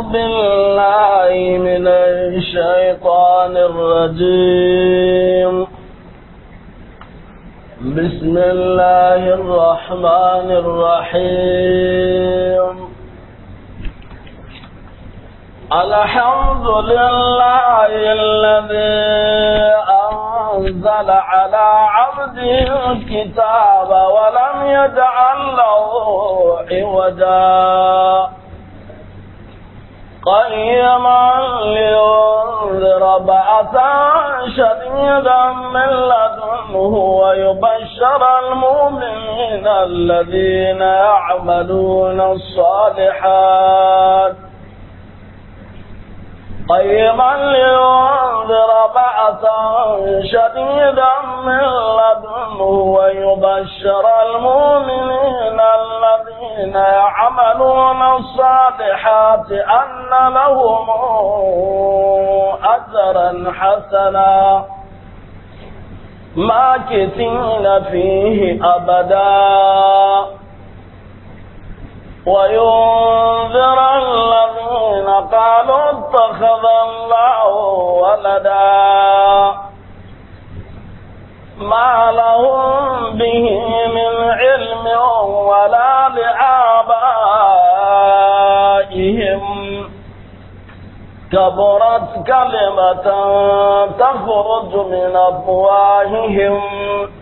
بالله من الشيطان الرجيم بسم الله الرحمن الرحيم الحمد لله الذي أنزل على عبده الكتاب ولم يجعل له عوجا قيما لينذر بعثا شديدا من لدنه ويبشر المؤمنين الذين يعملون الصالحات قيما لينذر بعثا شديدا من لدنه ويبشر المؤمنين الذين يعملون الصالحات أن لهم أجرا حسنا ماكثين فيه أبدا وينذر الذين قالوا اتخذ الله ولدا ما لهم به من علم ولا لآبائهم كبرت كلمة تخرج من أفواههم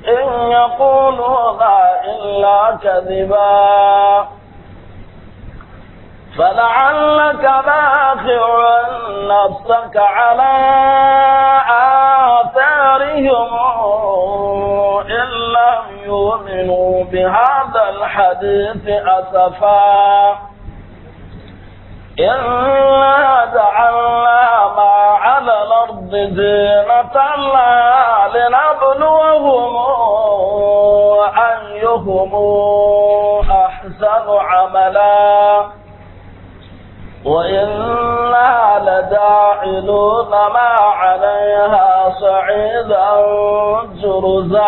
إن يقولون إلا كذبا فلعلك باخع نفسك على آثارهم إن لم يؤمنوا بهذا الحديث أسفا إنا جعلنا ما على الأرض زينة لها لنبلوهم أيهم أحسن عملاً وإنا لداعلون ما عليها صعيدا جرزا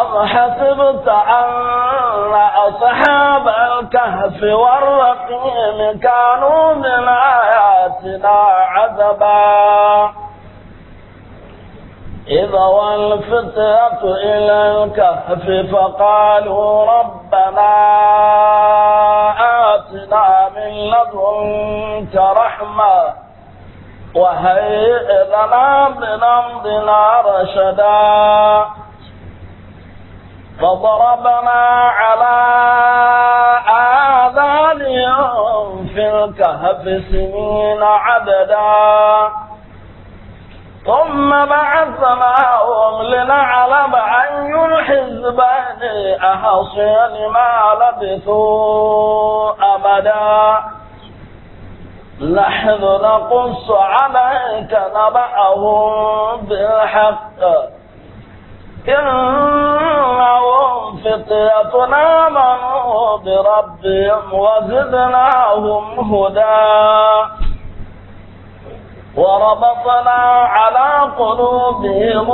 أم حسبت أن أصحاب الكهف والرقيم كانوا من آياتنا عذبا إذا والفتية إلى الكهف فقالوا ربنا آتنا من لدنك رحمة وهيئ لنا من أمرنا رشدا فضربنا على آذانهم في الكهف سنين عددا na ụụmazahaolinaraayụrhizd ahasimarat abada nadapusọ anaghị kaaa a dat aomfettụnamadrazidaum hụda وربطنا على قلوبهم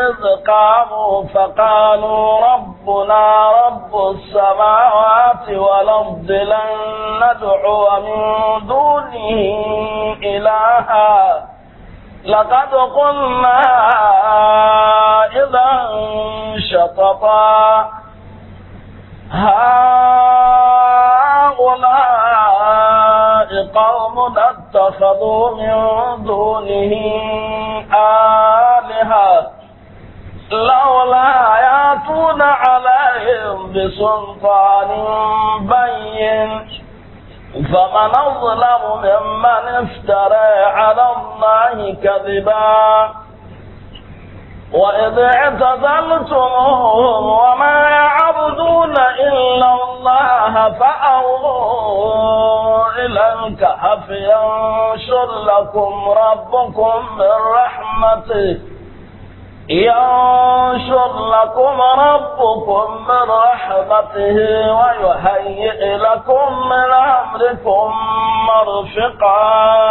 إذ قاموا فقالوا ربنا رب السماوات والأرض لن ندعو من دونه إلها لقد قلنا إذا شططا هؤلاء قوم اتخذوا من دونه آلهة لولا ياتون عليهم بسلطان بين فمن أظلم ممن افترى على الله كذبا وإذ اعتزلتم وما يعبدون إلا الله فأووا إلى الكهف ينشر لكم ربكم من رحمته ينشر لكم ربكم من رحمته ويهيئ لكم من أمركم مرفقا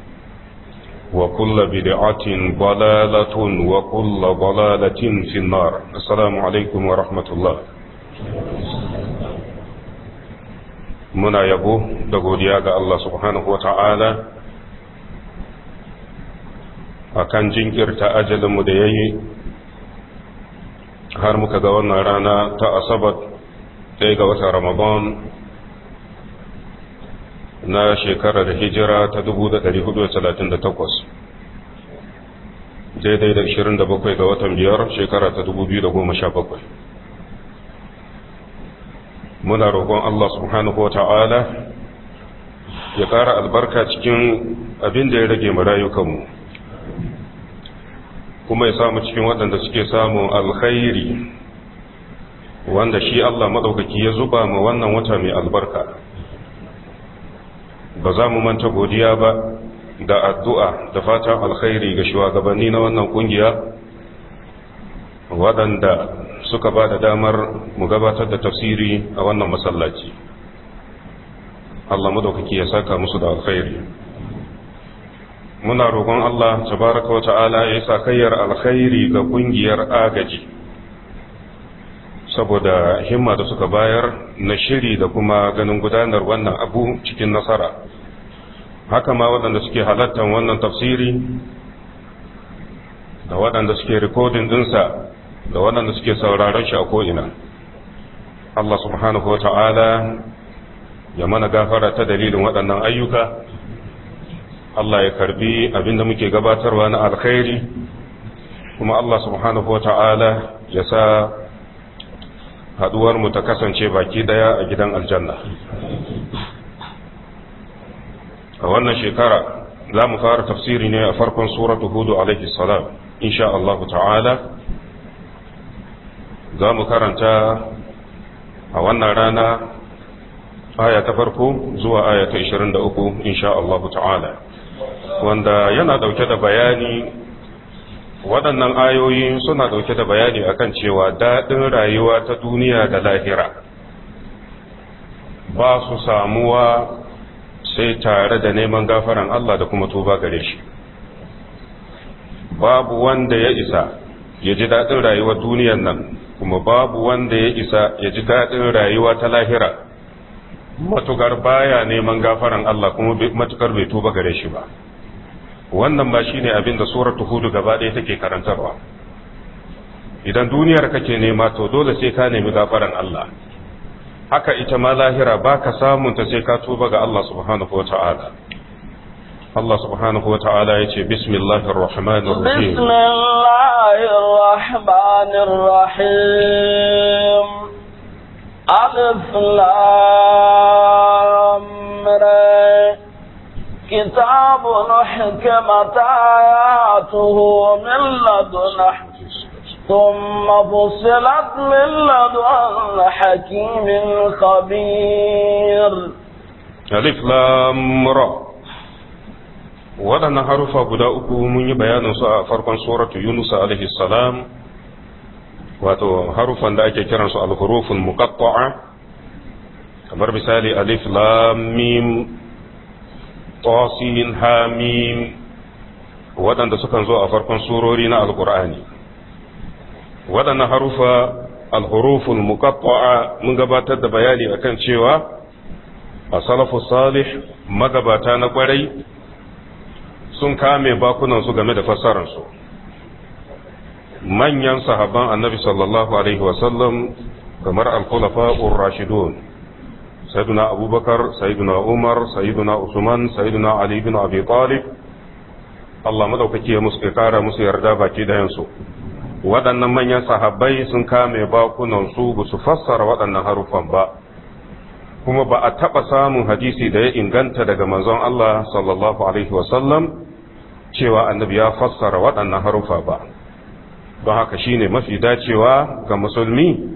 وكل بدعة bala'latun وكل bala'latin في النار السلام عليكم ورحمة muna yabo da godiya ga Allah subhanahu wa ta'ala a jinkirta ajalinmu da ya yi har muka ga wannan rana ta asabar ɗaya ga watan ramadan na shekarar hijira ta 1438 daidai da 27 ga watan biyar shekara ta 2017 muna roƙon Allah subhanahu wata'ala ya ƙara albarka cikin abin da ya rage marayu kanmu. kuma ya samu cikin waɗanda suke samun alkhairi wanda shi Allah maɗaukaki ya zuba ma wannan wata mai albarka ba za mu manta godiya ba da addu'a da fatan alkhairi ga shugabanni na wannan kungiya waɗanda suka ba da damar mu gabatar da tafsiri a wannan masallaci Allah madaukaki ya saka musu da alkhairi muna roƙon Allah tabaraka wa ta'ala ya sa kayyar alkhairi ga kungiyar agaji saboda himma da suka bayar na shiri da kuma ganin gudanar wannan abu cikin nasara haka ma waɗanda suke halattar wannan tafsiri da waɗanda suke rikodin ɗinsa da waɗanda suke sauraron shi a ko'ina Allah subhanahu wa ta'ala ya mana gafara ta dalilin waɗannan ayyuka Allah ya karbi abinda muke gabatarwa na alkhairi kuma Allah subhanahu wa ta'ala ya sa haduwar mu ta kasance baki daya a gidan aljanna a wannan shekara za mu fara tafsiri ne a farkon suratu hudu alaihi salam insha Allah ta'ala za mu karanta a wannan rana aya ta farko zuwa aya ta 23 insha Allah ta'ala wanda yana dauke da bayani waɗannan ayoyi suna ɗauke da bayani akan cewa daɗin rayuwa ta duniya da lahira ba su samuwa sai tare da neman gafaran Allah da kuma tuba gare shi babu wanda ya isa ya ji daɗin rayuwa duniyar nan kuma babu wanda ya isa ya ji daɗin rayuwa ta lahira matukar baya neman gafaran Allah kuma matukar bai tuba gare shi ba wannan ba shine abin da suratu hudu gaba ɗaya take karantarwa idan duniyar kake nema to dole sai ka nemi gafaran Allah haka ita ma lahira ba ka ta sai ka tuba ga Allah subhanahu wataala الله سبحانه وتعالى يتي بسم الله الرحمن الرحيم بسم الله الرحمن الرحيم ألف لام كتاب حكمت آياته من لدن ثم فصلت من لدن حكيم خبير ألف لام را ولن حرف قداؤكو من بيان فرقا سورة يونس عليه السلام واتو حرفا دا اكي كران سؤال حروف مقطعة كمر بسالي ألف لام ميم طاسين حاميم waɗanda sukan zo a farkon surori na alkur'ani waɗannan harufa alhuruful muqatta'a mun gabatar da bayani akan cewa a salafu salih magabata na kwarai sun kame bakunansu game da fassararsu manyan sahabban annabi sallallahu alaihi wasallam kamar alkulafa rashidun سيدنا أبو بكر سيدنا عمر سيدنا عثمان سيدنا علي بن أبي طالب Allah madaukaki ya musu ya kara musu yarda baki da yansu waɗannan manyan sahabai sun kame bakunan su ba su fassara waɗannan harufan ba kuma ba a taɓa samun hadisi da ya inganta daga manzon Allah sallallahu alaihi wasallam cewa annabi ya fassara waɗannan harufa ba don haka shine mafi dacewa ga musulmi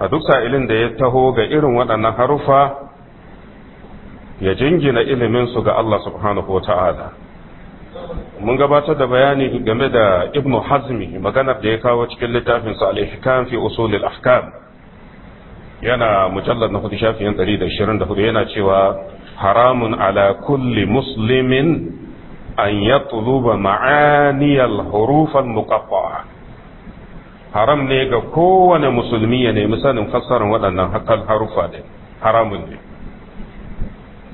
a duk sa'ilin da ya taho ga irin waɗannan harufa ya jingina iliminsu ga Allah subhanahu wa ta'ala mun gabatar da bayani game da ibnu hazmi maganar da ya kawo cikin littafinsu al-ihkam fi usulil Afkam. yana mujallar na hudu shafiyan 124 yana cewa haramun ala kulli muslimin an yatluba ma'aniyal hurufal muqatta'a haram ne ga kowane musulmi ya nemi sanin fassarar waɗannan haruffa ne haramun ne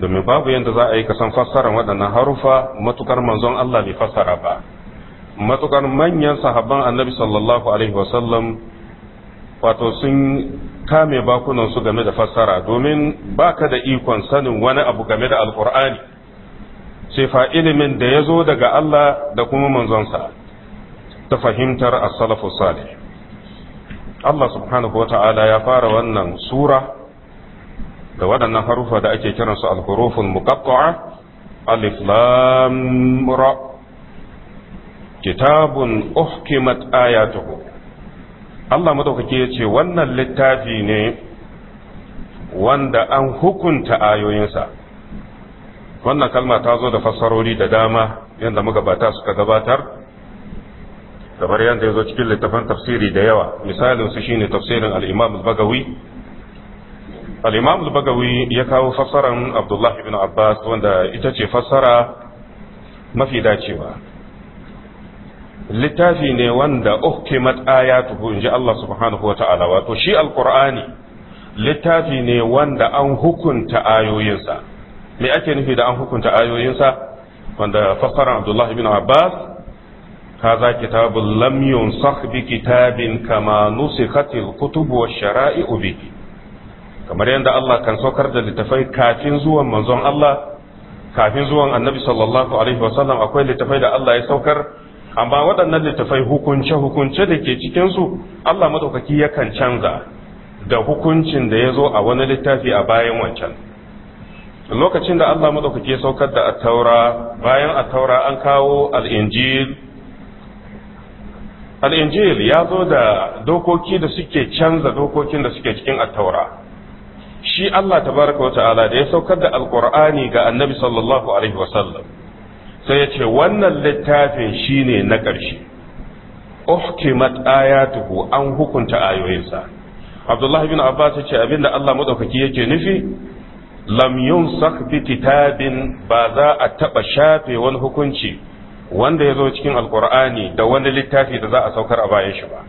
domin babu yadda za a yi kasan fassarar waɗannan haruffa matukar manzon Allah bai fassara ba matukar manyan sahabban annabi sallallahu alaihi wasallam wato sun kame bakunansu game da fassara domin baka da ikon sanin wani abu game da alkur'ani sai fa ilimin da ya zo daga Allah da kuma manzonsa ta fahimtar as-salafus salih Allah subhanahu wa ta'ala ya fara wannan sura da waɗannan harufa da ake kiransu al-huruful muqatta'a alif lam ra kitabun uhkimat ayatuhu Allah madaukake yace wannan littafi ne wanda an hukunta ayoyinsa wannan kalma ta zo da fassarori da dama yadda magabata suka gabatar kamar yadda ya zo cikin littafin tafsiri da yawa misalin su shine tafsirin al-imam al-bagawi al-imam al-bagawi ya kawo fassaran abdullahi ibn abbas wanda ita ce fassara mafi dacewa littafi ne wanda uhkimat ayatuhu inji Allah subhanahu wata'ala wato shi al-qur'ani littafi ne wanda an hukunta ayoyinsa me ake nufi da an hukunta ayoyinsa wanda fassaran abdullahi ibn abbas هذا كتاب لم kitabin بكتاب كما نسخت الكتب والشرائع به kamar yadda Allah kan saukar da littafai kafin zuwan manzon Allah kafin zuwan annabi sallallahu alaihi wasallam akwai littafai da Allah ya saukar amma waɗannan littafai hukunce hukunce da ke cikinsu? su Allah madaukaki yakan canza da hukuncin da ya zo a wani littafi a bayan wancan lokacin da Allah madaukaki ya saukar da at-taura bayan a taura an kawo al al'injil ya zo da dokoki da suke canza dokokin da suke cikin attaura shi Allah tabaraka wa ta'ala da ya saukar da alkur'ani ga annabi sallallahu alaihi wasallam sai ya ce wannan littafin shine na ƙarshe uhkimat ayatuhu an hukunta ayoyinsa abdullah bin abbas ya ce abinda Allah madaukaki yake nufi lam yunsak bi kitabin ba za a taɓa shafe wani hukunci wanda ya zo cikin alkur'ani da wani littafi da za a saukar a bayan shi ba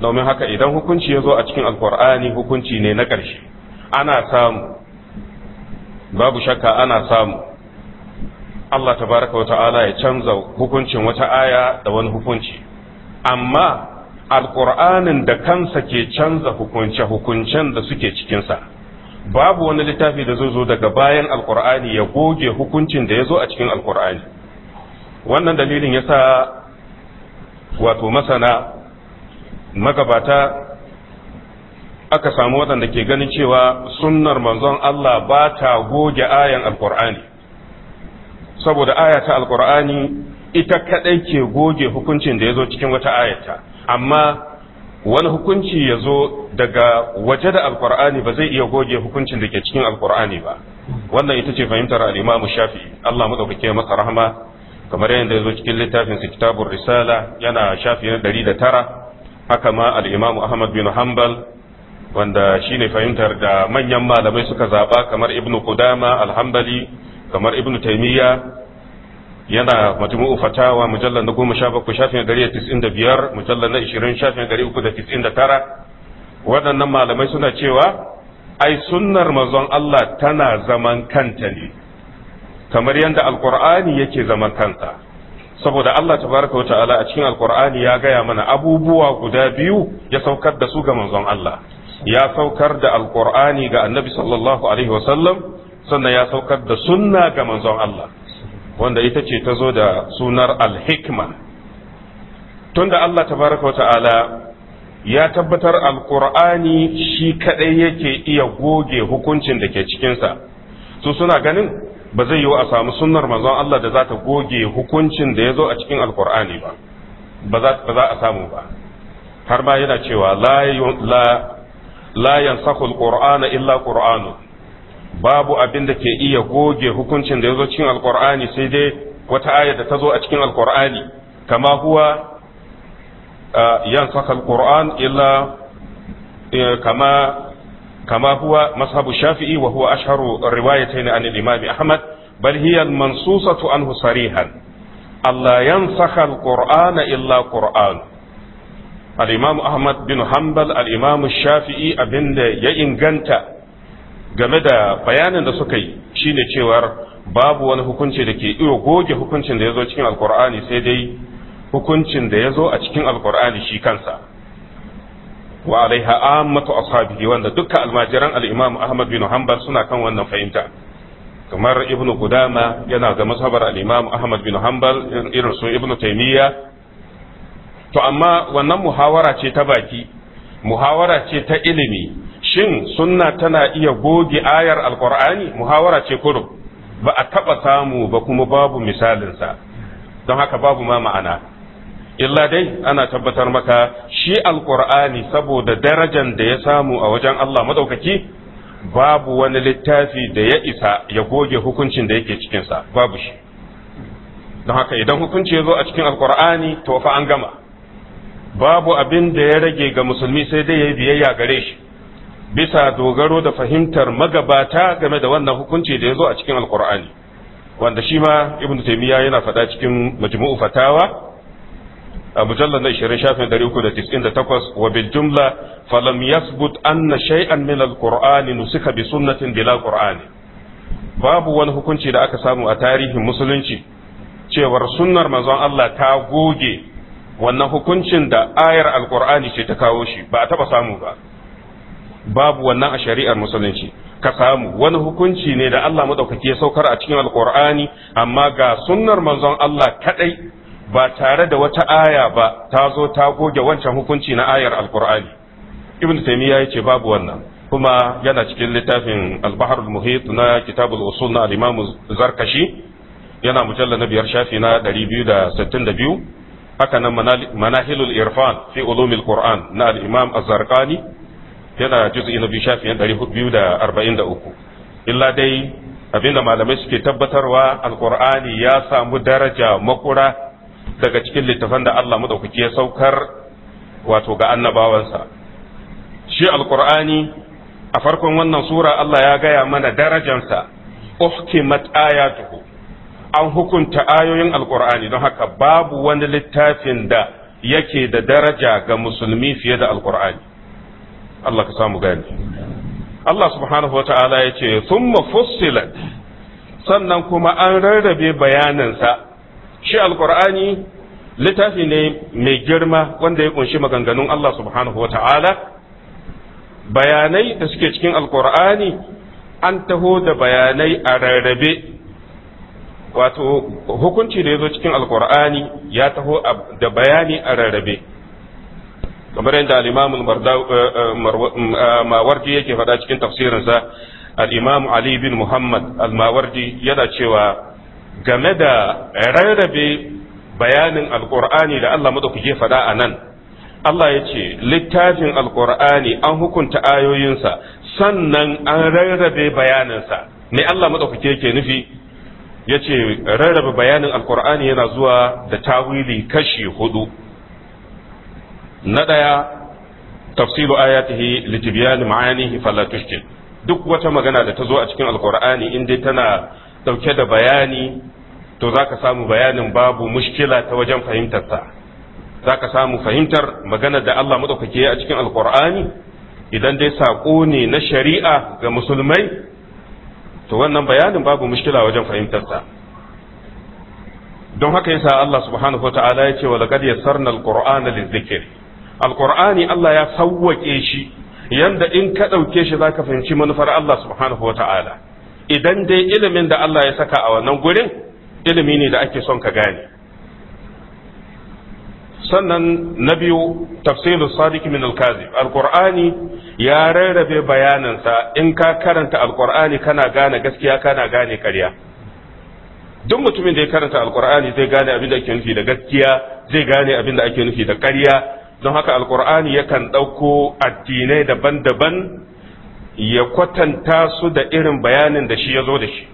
domin haka idan hukunci ya zo a cikin alkur'ani hukunci ne na ƙarshe ana samu babu shakka ana samu Allah Ta baraka wa ta'ala ya canza hukuncin wata aya da wani hukunci amma alkur'anin da kansa ke canza hukunce-hukuncen da suke cikinsa babu wani littafi da zai zo daga bayan alkur'ani ya goge hukuncin da ya zo a cikin alkur'ani wannan dalilin ya sa wato masana magabata aka samu waɗanda ke ganin cewa sunnar manzon Allah ba ta goge ayan alkur'ani saboda ayata ta alkur'ani ita kaɗai ke goge hukuncin da ya zo cikin wata ayata amma wani hukunci ya zo daga waje da alkur'ani ba zai iya goge hukuncin da ke cikin alkur'ani ba wannan ita ce fahimtar al'imamu shafi Allah maɗaukake masa rahama kamar yadda ya zo cikin littafin su kitabun risala yana shafi na 109 haka ma al-imam ahmad bin hanbal wanda shine fahimtar da manyan malamai suka zaba kamar ibnu Kudama al kamar ibnu Taimiyya. yana majmu'u ufatawa mujallar na 17 shafin 195 mujallal na 20 shafin tara. waɗannan malamai suna cewa ai sunnar manzon Allah tana zaman kanta ne kamar yadda alkur'ani yake zaman kanta, saboda Allah tabaraka wa ta'ala a cikin alkur'ani ya gaya mana abubuwa guda biyu ya saukar da su ga manzon Allah ya saukar da alkur'ani ga annabi sallallahu alaihi wasallam sannan ya saukar da sunna ga manzon Allah wanda ita ce ta zo da sunar alhikma tunda Allah tabaraka wa ta'ala ya tabbatar alkur'ani shi kadai yake iya goge hukuncin da ke cikinsa su suna ganin ba zai yiwu a samu sunnar manzon Allah da za ta goge hukuncin da ya zo a cikin alkur'ani ba ba za a samu ba har ma yana cewa la yansahu alqur'ana illa qur'anu babu abin da ke iya goge hukuncin da ya zo cikin alkur'ani sai dai wata aya da ta zo a cikin alkur'ani kama huwa ah, yansahu alqur'an illa eh, kama كما هو مذهب الشافعي وهو أشهر الروايتين عن الإمام أحمد بل هي المنصوصة عنه صريحا ألا ينسخ القرآن إلا قرآن الإمام أحمد بن حنبل الإمام الشافعي أبن inganta game da bayanin da suka yi shine cewar babu wani hukunci da ke iya goge hukuncin da ya zo cikin alkur'ani sai dai hukuncin da ya zo a cikin alkur'ani shi kansa wa alaiha ammatu ashabihi wanda dukkan almajiran al-Imam Ahmad bin Hanbal suna kan wannan fahimta kamar Ibn Qudama yana ga masabar al-Imam Ahmad bin Hanbal irin su Ibn Taymiyyah to amma wannan muhawara ce ta baki muhawara ce ta ilimi shin sunna tana iya goge ayar alqur'ani muhawara ce kurub ba a taba samu ba kuma babu misalinsa don haka babu ma ma'ana illa dai ana tabbatar maka shi alqur'ani saboda darajar da ya samu a wajen Allah madaukaki babu wani littafi da ya isa ya goge hukuncin da yake cikinsa babu shi don haka idan hukunci ya zo a cikin alkur'ani to fa an gama babu abin da ya rage ga musulmi sai dai ya yi biyayya gare shi bisa dogaro da fahimtar magabata game da wannan hukunci da ya zo a cikin alkur'ani wanda shi ma ibn taymiya yana faɗa cikin majmu'u fatawa a mujallar na 20 shafin 398 wa bil jumla falam yasbut anna shay'an min al-qur'ani nusika bi sunnatin bila qur'ani babu wani hukunci da aka samu a tarihin musulunci cewar sunnar manzon Allah ta goge wannan hukuncin da ayar alqur'ani ce ta kawo shi ba a taba samu ba babu wannan a shari'ar musulunci ka samu wani hukunci ne da Allah madaukaki ya saukar a cikin alqur'ani amma ga sunnar manzon Allah kadai ba tare da wata aya ba ta zo ta goge wancan hukunci na ayar alkur'ani ibn taymiya yace babu wannan kuma yana cikin littafin al-bahr al-muhit na kitab al-usul na al-imam zarkashi yana mujalla na biyar shafi na 262 haka nan manahilul irfan fi ulumil qur'an na al-imam az-zarqani yana juz'i na biyu shafi na 243 illa dai abinda malamai suke tabbatarwa al alkur'ani ya samu daraja makura daga cikin littafan da Allah madaukaki ya saukar wato ga annabawansa shi alqur'ani a farkon wannan sura Allah ya gaya mana darajansa uhkimat ayatuhu an hukunta ayoyin alqur'ani don haka babu wani littafin da yake da daraja ga musulmi fiye da alqur'ani Allah ka samu gani Allah subhanahu wa ta'ala ya ce thumma fussilat sannan kuma an rarrabe bayaninsa shi alkur'ani littafi ne mai girma wanda ya kunshi maganganun Allah subhanahu wa ta'ala bayanai da suke cikin alkur'ani an taho da bayanai a rarrabe wato hukunci da ya zo cikin alkur'ani ya taho da bayani a rarrabe kamar yadda al'imamu eh, eh, mm, eh, mawardi yake faɗa cikin tafsirinsa al'imamu ali bin muhammad al-mawardi yana cewa game da rarrabe bayanin alkur'ani da Allah ke faɗa a nan Allah ya ce littafin alkur'ani an hukunta ayoyinsa sannan an rarrabe bayaninsa ne Allah madaukake ke nufi ya ce rarrabe bayanin alkur'ani yana zuwa da tawili kashi hudu na ɗaya tafsiru ayatihi litibyani ma'anihi fala tushkil duk wata magana da ta zo a cikin alkur'ani in dai tana ɗauke da bayani to za ka samu bayanin babu mushkila ta wajen fahimtarsa za ka samu fahimtar magana da Allah maɗaukaki a cikin alkur'ani idan dai saƙo ne na shari'a ga musulmai to wannan bayanin babu mushkila wajen fahimtarsa don haka yasa Allah subhanahu wa ta'ala ya ce wa laqad yassarna alqur'ana lizikr alqur'ani Allah ya sawwake shi yanda in ka ɗauke shi zaka fahimci manufar Allah subhanahu wa ta'ala idan dai ilimin da Allah ya saka a wannan gurin ilimi ne da ake son ka gane sannan na biyu tafsirin sadiq min al alkur'ani ya rarrabe bayanansa in ka karanta alkur'ani kana gane gaskiya kana gane karya duk mutumin da ya karanta alkur'ani zai gane abin da ake nufi da gaskiya zai gane abin da ake nufi da karya don haka alkur'ani yakan ɗauko addinai daban-daban ya kwatanta su da irin bayanin da shi ya zo da shi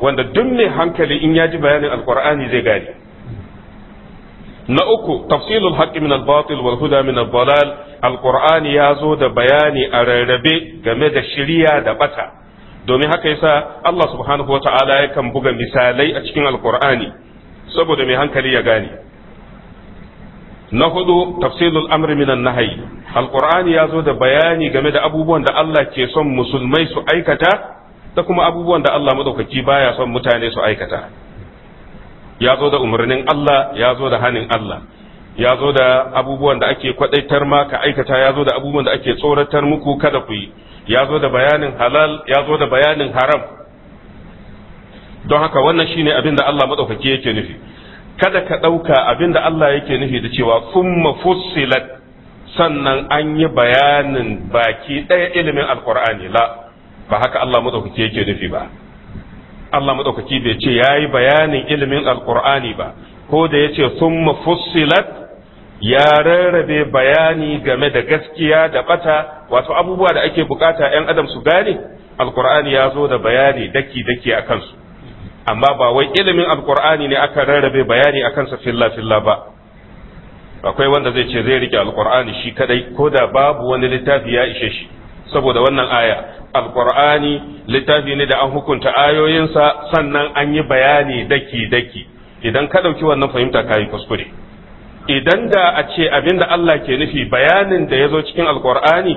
wanda duk mai hankali in ya ji bayanin alkur'ani zai gane na uku tafsilul haqqi min al-batil wal huda min al-dalal alqur'ani ya zo da bayani a rarrabe game da shiriya da bata domin haka yasa Allah subhanahu wa ta'ala yakan buga misalai a cikin alqur'ani saboda mai hankali ya gane na hudu tafsilul amri min an-nahyi alqur'ani ya zo da bayani game da abubuwan da Allah ke son musulmai su aikata da kuma abubuwan da Allah madaukaki baya son mutane su aikata ya zo da umarnin Allah ya zo da hanin Allah ya zo da abubuwan da ake kwadaitar ma ka aikata ya zo da abubuwan da ake tsoratar muku kada ku yi ya zo da bayanin halal ya zo da bayanin haram don haka wannan shine abin da Allah madaukaki yake nufi kada ka ɗauka abin da Allah yake nufi da cewa summa fussilat sannan an yi bayanin baki ɗaya ilimin alkur'ani la ba haka Allah maɗaukaki yake nufi ba Allah maɗaukaki bai ce yayi bayanin ilimin alqur'ani ba ko da yace summa fussilat ya rarrabe bayani game da gaskiya da bata wato abubuwa da ake bukata yan adam su gane alqur'ani ya zo da bayani daki daki a kansu amma ba wai ilimin alqur'ani ne aka rarrabe bayani a kansa filla filla ba akwai wanda zai ce zai rike alqur'ani shi kadai ko da babu wani littafi ya ishe shi saboda wannan aya alqur'ani littafi ne da an hukunta ayoyinsa sannan an yi bayani daki daki idan ka dauki wannan fahimta kayi kuskure idan da a ce abinda Allah ke nufi bayanin da ya zo cikin alqur'ani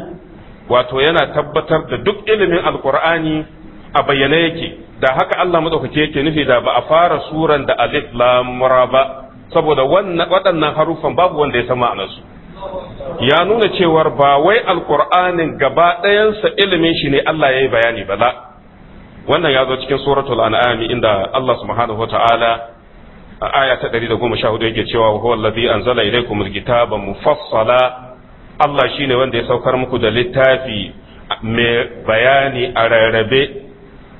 wato yana tabbatar da duk ilimin alqur'ani a bayyane yake da haka Allah madaukake yake nufi da ba a fara suran da alif lam ra ba saboda wannan waɗannan harufan babu wanda ya san ma'anarsu ya nuna cewar ba wai alqur'anin gaba ɗayansa ilimin shi ne Allah ya yi bayani ba wannan ya zo cikin suratul an'ami inda Allah subhanahu wataala a aya ta 114 yake cewa huwa allazi anzala ilaykumul kitaba mufassala Allah shine wanda ya saukar muku da littafi mai bayani a rarrabe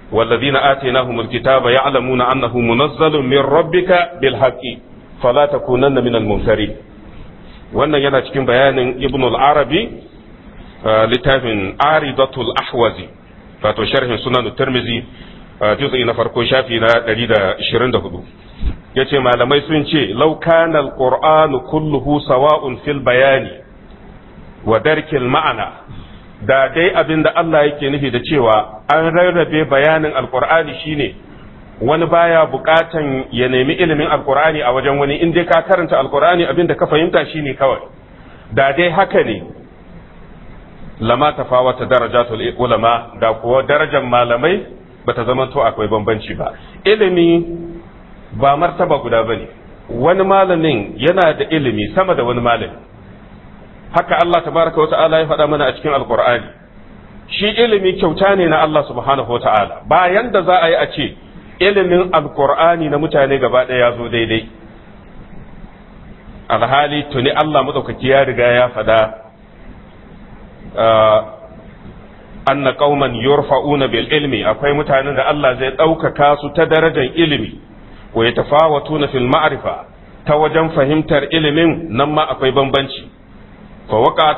والذين آتيناهم الكتاب يعلمون أنه منزل من ربك بالحق فلا تكونن من المنكرين wannan yana cikin bayanin ibn al-arabi uh, littafin aridatul ahwazi wato sharhin sunan tirmizi uh, juz'i na farko shafi na 124 yace malamai sun ce law kana al-qur'anu kulluhu sawa'un fil bayani wa darkil ma'ana da dai abinda Allah yake nufi da cewa an rarrabe bayanin alkur'ani shine wani baya bukatan ya nemi ilimin alkur'ani a wajen wani in ka karanta alkur'ani abin da ka fahimta shine kawai da dai haka ne lama tafawata darajatul ulama da kuwa darajar malamai ba ta zama to akwai bambanci ba ilimi ba martaba guda bane wani malamin yana da ilimi sama da wani malami haka Allah tabaraka wata'ala ya faɗa mana a cikin alkur'ani shi ilimi kyauta ne na Allah subhanahu wata'ala bayan da za a yi a ce ilimin alkur'ani na mutane gaba ɗaya ya zo daidai alhali tuni Allah maɗaukaki ya riga ya faɗa ah, anna qauman yurfa'una bil ilmi akwai mutanen da Allah zai ɗaukaka su ta darajar ilimi wa yatafawatuna fil ma'rifa ta wajen fahimtar ilimin nan ma akwai bambanci fa waqa'at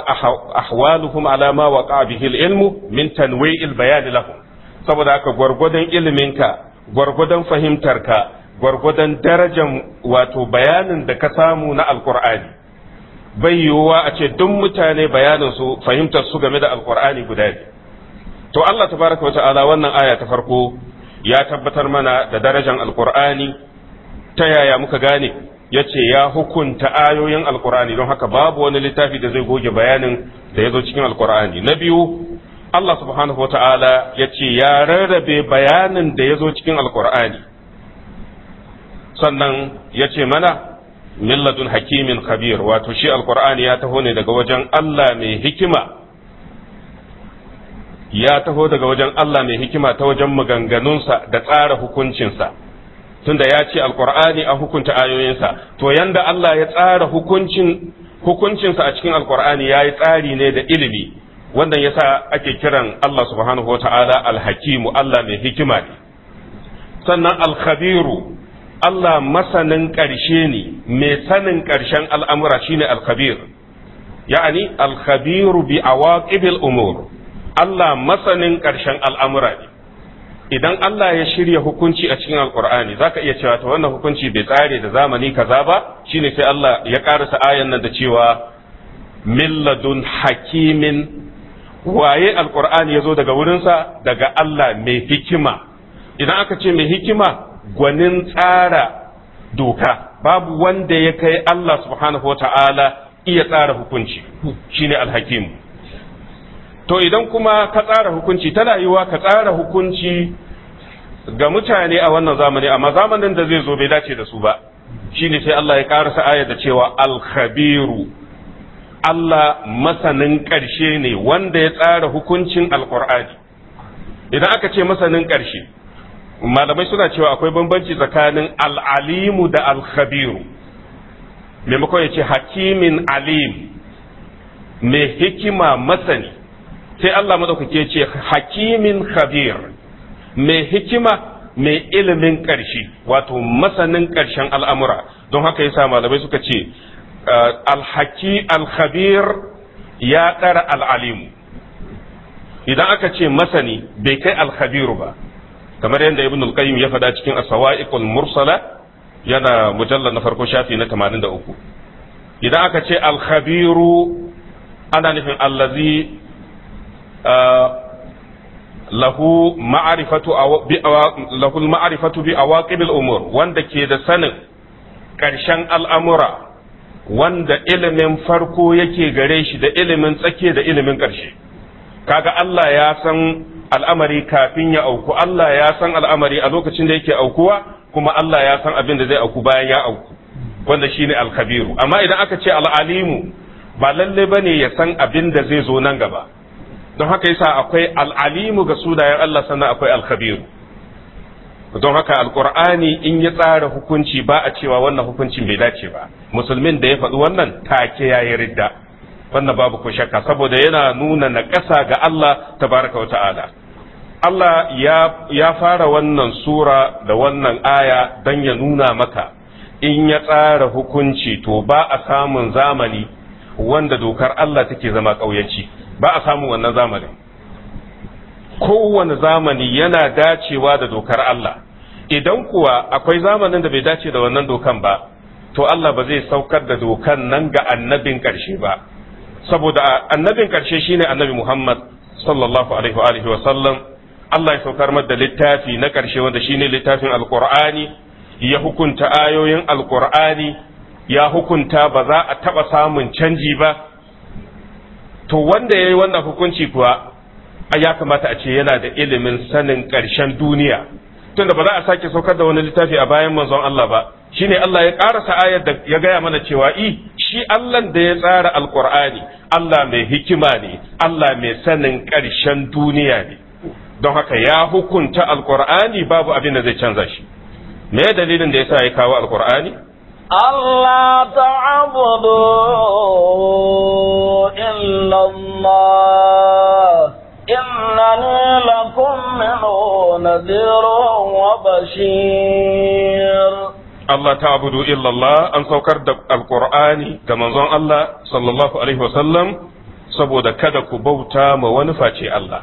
ahwaluhum ala ma waqa'a bihi al ilmu min tanwi'il bayan lahum saboda haka gwargwadon iliminka gwargwadon fahimtarka gwargwadon darajar wato bayanin da ka samu na alkur'ani bai yiwuwa a ce duk mutane bayanin su fahimtar su game da alkur'ani guda ne to Allah tabaraka wa ta'ala wannan aya ta farko ya tabbatar mana da darajar alkur'ani ta yaya muka gane ya ce ya hukunta ayoyin alkur'ani don haka babu wani littafi da zai goge bayanin da ya zo cikin alkur'ani na biyu Allah subhanahu wata'ala ya ce ya rarrabe bayanin da ya zo cikin alkur'ani sannan ya ce mana milladun hakimin kabir wato shi alkur'ani ya taho ne daga wajen Allah mai hikima ya taho daga wajen Allah mai hikima ta wajen maganganunsa da tsara hukuncinsa tunda ya ce alkur'ani a hukunta ayoyinsa to yanda Allah ya tsara hukuncin hukuncinsa a cikin alkur'ani ya yi tsari ne da ilimi wannan yasa ake kiran Allah subhanahu wata'ala alhakimu Allah mai hikima ne sannan alkhabiru Allah masanin ƙarshe ne mai sanin ƙarshen al'amura shine alkhabir ya'ani alkhabiru bi awaqibil umur Allah masanin ƙarshen al'amura ne idan Allah ya shirya hukunci a cikin alkur'ani zaka iya cewa ta wannan hukunci bai tsare da zamani kaza ba shine sai Allah ya ƙarasa ayan nan da cewa milladun hakimin waye alqur'ani yazo daga wurinsa daga Allah mai hikima idan aka ce mai hikima gwanin tsara doka babu wanda ya kai Allah subhanahu wata'ala iya tsara hukunci shine alhakim to idan kuma ka tsara hukunci tana yiwa ka tsara hukunci ga mutane a wannan zamani amma zamanin da zai zo bai dace da su ba shine sai Allah ya karasa ayar da cewa alkhabiru Allah masanin ƙarshe ne wanda ya tsara hukuncin alƙur'ani idan aka ce masanin ƙarshe malamai suna cewa akwai bambanci tsakanin al'alimu da alkhabiru maimakon ya ce hakimin alim mai hikima masani sai Allah madaukake ce hakimin khabir mai hikima mai ilimin ƙarshe wato masanin ƙarshen al'amura don haka yasa malamai suka ce alhaki alkhabir ya ɗara al'alimu idan aka ce masani bai kai Alhabiru ba kamar yadda ibn al-qayyim ya faɗa cikin ikon mursala yana mujalla na farko shafi na 83 idan aka ce Alhabiru ana nufin allazi lahu bi a al umur wanda ke da sanin ƙarshen al'amura wanda ilimin farko yake gare shi da ilimin tsake da ilimin ƙarshe kaga Allah ya san al'amari kafin ya auku Allah ya san al'amari a lokacin da yake aukuwa kuma Allah ya san abin da zai auku bayan ya auku wanda shine alkabiru amma idan aka ce al'alimu ba lalle bane ya san abin da zai zo nan gaba don haka yasa akwai al'alimu ga sunayen Allah sannan akwai alkabiru don haka alkur'ani in ya tsara hukunci ba a cewa wannan hukuncin bai dace ba musulmin da ya faɗi wannan take ya yi ridda wannan babu ko shakka saboda yana nuna na ƙasa ga Allah tabaraka wa ta'ala Allah ya fara wannan sura da wannan aya don ya nuna maka in ya tsara hukunci to ba a samun zamani wanda dokar Allah take zama ƙauyaci ba a samun wannan zamanin kowane zamani yana dacewa da dokar Allah idan kuwa akwai zamanin da bai dace da wannan dokan ba to Allah ba zai saukar da dokan nan ga annabin ƙarshe ba saboda annabin ƙarshe shine annabi Muhammad sallallahu alaihi wa wa sallam Allah ya saukar masa da littafi na ƙarshe wanda shine littafin alqur'ani ya hukunta ayoyin alqur'ani ya hukunta ba za a taba samun canji ba to wanda yayi wannan hukunci kuwa A ya kamata a ce yana da ilimin sanin ƙarshen duniya tunda ba za a sake saukar da wani littafi a bayan manzon Allah ba shine Allah ya karasa ayar da ya gaya mana cewa i shi Allah da ya tsara alqur'ani Allah mai hikima ne Allah mai sanin ƙarshen duniya ne don haka ya hukunta alqur'ani babu abin da zai canza shi me dalilin da yasa ya kawo alqur'ani Allah ta'abudu illa Allah إنني لكم منه نذير وبشير Allah ta abudu illallah an saukar da alkur'ani ga manzon Allah sallallahu alaihi wasallam saboda kada ku bauta ma wani face Allah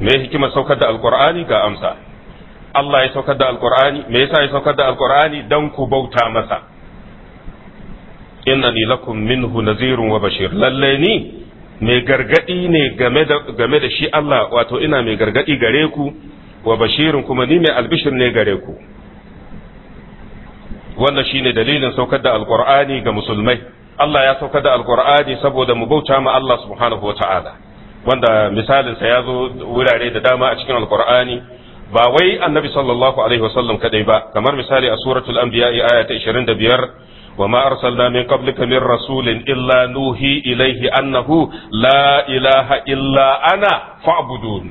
me hikimar saukar da alkur'ani ga amsa Allah ya saukar da alkur'ani me yasa ya saukar da alkur'ani dan ku bauta masa Inna ni lakum minhu nazirun wa bashir lalle ni mai gargadi ne game da shi Allah wato ina mai gargadi gare ku wa bashirin kuma ni mai albishir ne gare ku wannan shine dalilin saukar da alqur'ani ga musulmai Allah ya saukar da alqur'ani saboda mu bauta ma Allah subhanahu wata'ala wanda misalin sa yazo wurare da dama a cikin alqur'ani ba wai annabi sallallahu alaihi wasallam kadai ba kamar misali a suratul anbiya aya ta 25 وما أرسلنا من قبلك من رسول إلا نوحي إليه أنه لا إله إلا أنا فاعبدون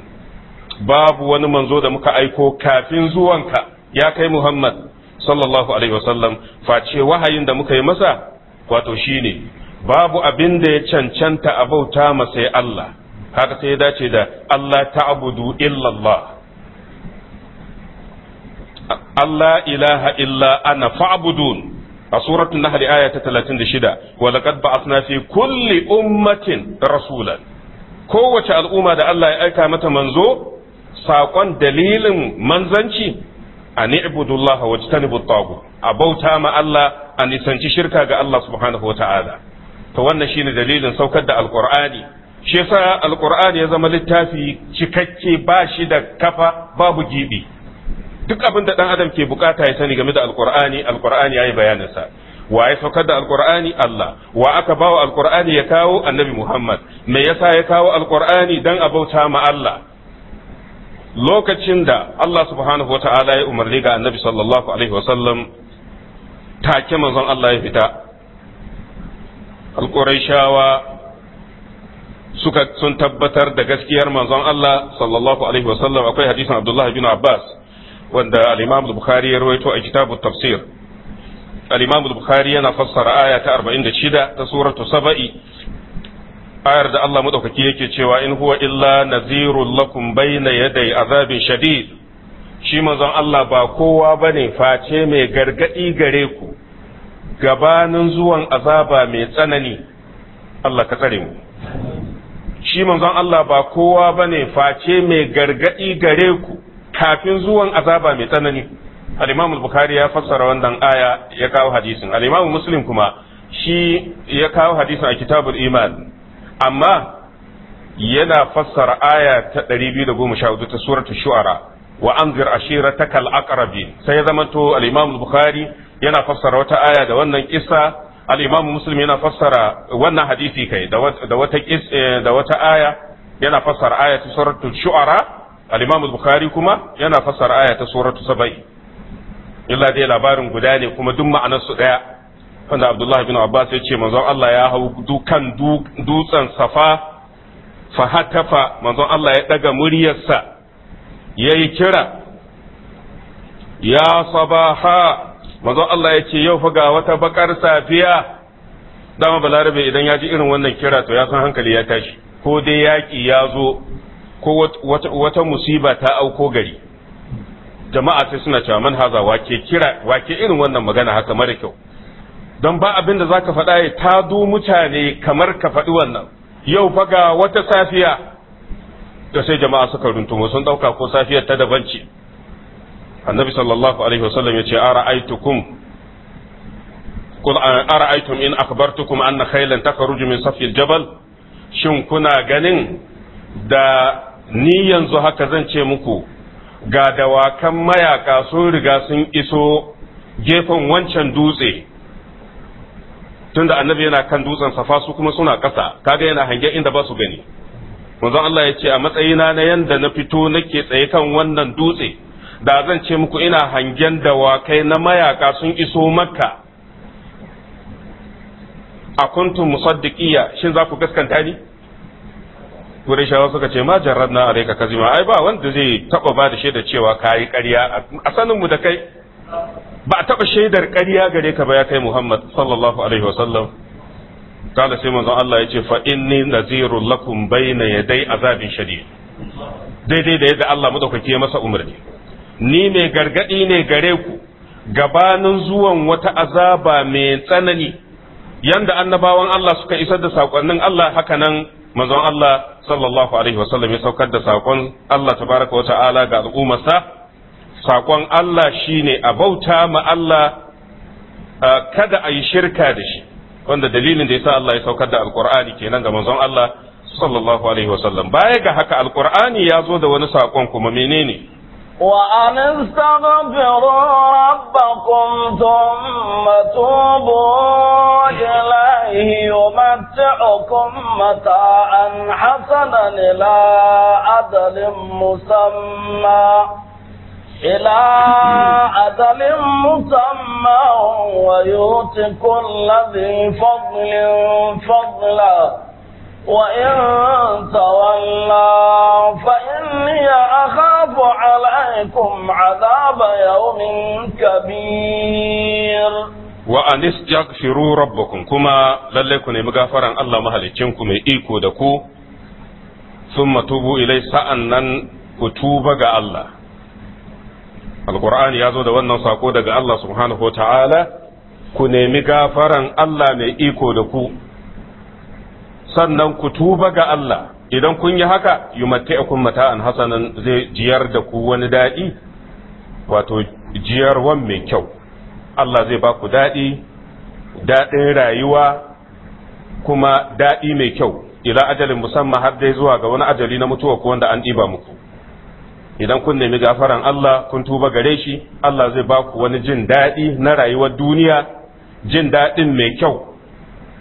باب wani manzo da muka aiko kafin zuwanka ya kai Muhammad sallallahu alaihi wasallam face wahayin da muka yi masa wato shine babu abin da ya cancanta a bauta masa ya Allah haka sai ya dace da Allah ta'budu illallah Allah ilaha illa ana fa'budun a suratul nahl aya ta 36 wa laqad ba'athna fi kulli ummatin rasulan kowace al'umma da Allah ya aika mata manzo saƙon dalilin manzanci a ni'budullah wa jtanibu tagu a bauta ma Allah a nisanci shirka ga Allah subhanahu wa ta'ala to wannan shine dalilin saukar da alqur'ani shi yasa alqur'ani ya zama littafi cikakke ba shi da kafa babu gibi duk abin da dan adam ke bukata ya sani game da alqur'ani alqur'ani yayi bayanin sa wa ya saukar da alqur'ani Allah wa aka bawa alqur'ani ya kawo annabi Muhammad me yasa ya kawo alqur'ani dan abauta ma Allah lokacin da Allah subhanahu wata'ala ya umarni ga annabi sallallahu alaihi wasallam take manzon Allah ya fita alqurayshawa suka sun tabbatar da gaskiyar manzon Allah sallallahu alaihi wasallam akwai hadisin Abdullah bin Abbas wanda al-Imam bukhari ya rawaito a kitabu tafsir al-Imam bukhari yana fassara aya ta 46 ta suratu Saba'i ayar da Allah madaukaki yake cewa in huwa illa nazirul lakum bayna yaday azabin shadid shi manzon Allah ba kowa bane face mai gargadi gare ku gabanin zuwan azaba mai tsanani Allah ka tsare mu shi manzon Allah ba kowa bane face mai gargadi gare ku kafin zuwan azaba mai tsanani al-imam bukhari ya fassara wannan aya ya kawo hadisin al-imam muslim kuma shi ya kawo hadisin a kitabul iman amma yana fassara aya ta 214 ta suratul shu'ara wa anzir ashirataka al-aqrabin sai ya zamanto al-imam bukhari yana fassara wata aya da wannan kissa al-imam muslim yana fassara wannan hadisi kai da wata eh, da wata aya yana fassara aya ta suratul shu'ara al-imam bukhari kuma yana fassa aya ta suratu saba'i illa dai labarin guda ne kuma duk ma'anar su ɗaya. wanda abdullah bin abbas ya ce manzon Allah ya hau dukan dutsen safa fa manzon Allah ya daga muryarsa yayi kira ya sabaha manzon Allah ya ce yau fa ga wata bakar safiya dama balarabe idan ya ji irin wannan kira to ya san hankali ya tashi ko dai yaƙi ya zo ko wata musiba ta auko gari jama'a sai suna cewa man haza wake kira wake irin wannan magana haka mara kyau don ba abin da zaka faɗa ya du mutane kamar ka faɗi wannan yau fa ga wata safiya da sai jama'a suka runtumo sun ɗauka ko safiyar ta daban ce annabi sallallahu alaihi wasallam ya ce ara'aitukum قل أرأيتم إن أخبرتكم أن خيلا تخرج من صف الجبل shin kuna ganin da ni yanzu haka zan ce muku ga dawakan mayaka sun riga sun iso gefen wancan dutse tunda annabi yana kan dutsen safa su kuma suna ƙasa kaga yana hangen inda ba su gani manzon Allah ya ce a matsayina na yanda na fito nake tsaye kan wannan dutse da zan ce muku ina hangen dawakai na mayaka sun iso makka a kuntum musaddiqiya shin za ku gaskanta ni Qurayshawa suka ce ma na jarradna ka kazima ai ba wanda zai taba ba da shaidar cewa kai ƙarya a sanin mu da kai ba a taba shaidar ƙarya gare ka ba ya kai Muhammad sallallahu alaihi wasallam kala sai manzon Allah ya ce fa inni nazirul lakum bayna yaday azabin shadid daidai da yadda Allah madaukaki ya masa umarni ni mai gargadi ne gare ku gabanin zuwan wata azaba mai tsanani yanda annabawan Allah suka isar da sakonnin Allah haka nan manzon Allah sallallahu alaihi wasallam ya saukar da sakon Allah tabaraka wa ta'ala ga al'ummarsa sakon Allah shine a bauta ma Allah kada a yi shirka da shi wanda dalilin da yasa Allah ya saukar da alqur'ani kenan ga manzon Allah sallallahu alaihi wasallam baya ga haka alqur'ani ya zo da wani sakon kuma menene وأن استغفروا ربكم ثم توبوا إليه يمتعكم متاعا حسنا إلى أجل مسمى إلى أجل مسمى ويؤت كل ذي فضل فضلا وإن تولوا فإني أخاف عليكم عذاب يوم كبير wa anistaghfiru rabbakum kuma lalle ku nemi gafaran Allah mahalicin ku mai iko da ku thumma tubu ilai nan ku tuba ga Allah alqur'ani yazo da wannan sako daga Allah subhanahu ta'ala ku nemi gafaran Allah mai iko da ku sannan ku tuba ga Allah idan kun yi haka mata mata'an hasanan zai jiyar da ku wani daɗi wato jiyarwan mai kyau Allah zai ba ku daɗi daɗin rayuwa kuma daɗi mai kyau ila ajalin musamman har dai zuwa ga wani ajali na mutuwa ko wanda an ɗiba muku idan kun nemi gafaran Allah kun tuba gare shi Allah zai ba ku wani jin daɗi na rayuwar duniya jin daɗin mai kyau